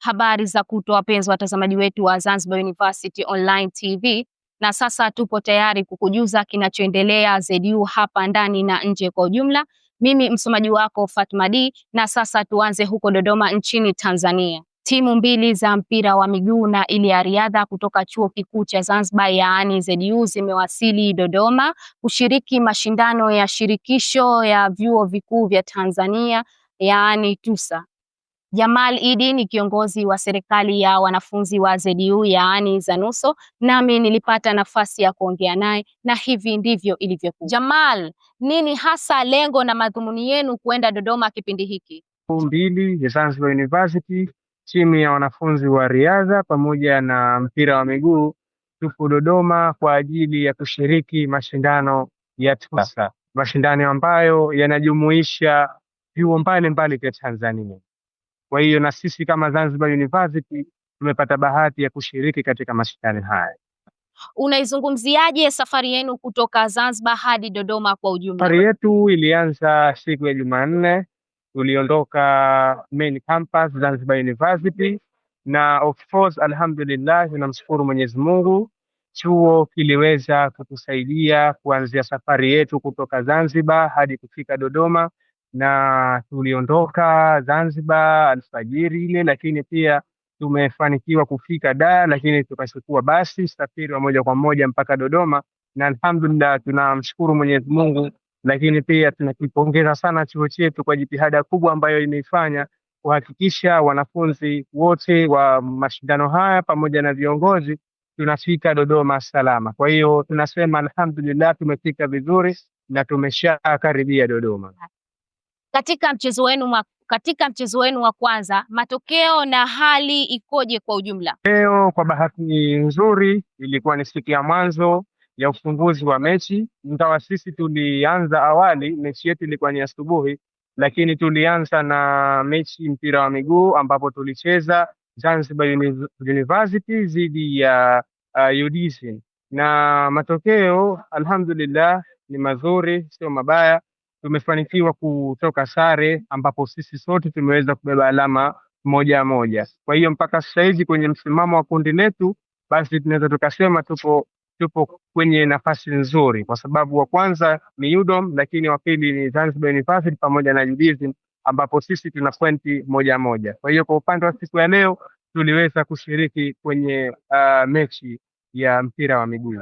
Habari za kutwa, wapenzi watazamaji wetu wa Zanzibar University Online TV, na sasa tupo tayari kukujuza kinachoendelea ZU hapa ndani na nje kwa ujumla. Mimi msomaji wako Fatma D, na sasa tuanze huko Dodoma nchini Tanzania. Timu mbili za mpira wa miguu na ile ya riadha kutoka Chuo Kikuu cha Zanzibar yaani ZU zimewasili Dodoma kushiriki mashindano ya shirikisho ya vyuo vikuu vya Tanzania yaani TUSA. Jamal Idi ni kiongozi wa serikali ya wanafunzi wa ZDU yaani ZANUSO, nami nilipata nafasi ya kuongea naye na hivi ndivyo ilivyokuwa. Jamal, nini hasa lengo na madhumuni yenu kuenda Dodoma kipindi hiki? mbili Zanzibar University, timu ya wanafunzi wa riadha pamoja na mpira wa miguu, tupo Dodoma kwa ajili ya kushiriki mashindano ya TUSA, mashindano ambayo yanajumuisha vyuo mbalimbali vya Tanzania. Kwa hiyo na sisi kama Zanzibar University tumepata bahati ya kushiriki katika mashindano haya. Unaizungumziaje safari yenu kutoka Zanzibar hadi Dodoma kwa ujumla? Safari yetu ilianza siku ya Jumanne, tuliondoka main campus Zanzibar University na of course, alhamdulillah tunamshukuru Mwenyezi Mungu, chuo kiliweza kutusaidia kuanzia safari yetu kutoka Zanzibar hadi kufika Dodoma na tuliondoka Zanzibar alfajiri ile, lakini pia tumefanikiwa kufika da lakini tukachukua basi usafiri wa moja kwa moja mpaka Dodoma, na alhamdulillah tunamshukuru Mwenyezi Mungu, lakini pia tunakipongeza sana chuo chetu kwa jitihada kubwa ambayo imeifanya kuhakikisha wanafunzi wote wa mashindano haya pamoja na viongozi tunafika Dodoma salama. Kwa hiyo tunasema alhamdulillah, tumefika vizuri na tumeshakaribia Dodoma katika mchezo wenu wa katika mchezo wenu wa kwanza, matokeo na hali ikoje kwa ujumla? Leo kwa bahati nzuri, ilikuwa ni siku ya mwanzo ya ufunguzi wa mechi, ingawa sisi tulianza awali, mechi yetu ilikuwa ni asubuhi, lakini tulianza na mechi mpira wa miguu ambapo tulicheza Zanzibar University dhidi ya uh, UDSM na matokeo alhamdulillah ni mazuri, sio mabaya tumefanikiwa kutoka sare ambapo sisi sote tumeweza kubeba alama moja moja. Kwa hiyo mpaka sasa hivi kwenye msimamo wa kundi letu, basi tunaweza tukasema tupo tupo kwenye nafasi nzuri, kwa sababu wa kwanza ni UDOM, lakini wa pili ni Zanzibar University pamoja na Judaism, ambapo sisi tuna pointi moja moja. Kwa hiyo kwa upande wa siku ya leo tuliweza kushiriki kwenye uh, mechi ya mpira wa miguu.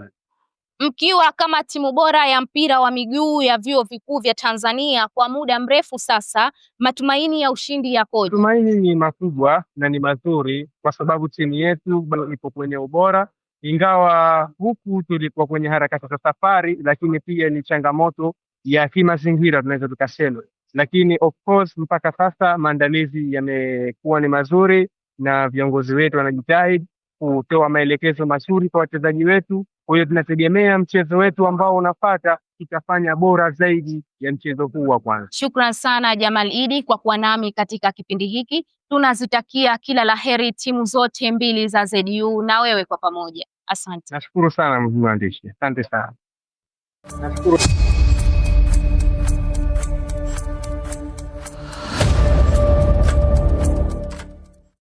Mkiwa kama timu bora ya mpira wa miguu ya vyuo vikuu vya Tanzania kwa muda mrefu sasa, matumaini ya ushindi yakoje? Matumaini ni makubwa na ni mazuri, kwa sababu timu yetu bado ipo kwenye ubora, ingawa huku tulikuwa kwenye harakati za safari, lakini pia ni changamoto ya kimazingira tunaweza tukasema, lakini of course mpaka sasa maandalizi yamekuwa ni mazuri na viongozi wetu wanajitahidi kutoa maelekezo mazuri kwa wachezaji wetu kwa hiyo tunategemea mchezo wetu ambao unafata tutafanya bora zaidi ya mchezo huu wa kwanza. Shukran sana Jamal Idi kwa kuwa nami katika kipindi hiki. Tunazitakia kila la heri timu zote mbili za ZU na wewe kwa pamoja. Asante. Nashukuru sana mwandishi, asante sana. Nashukuru.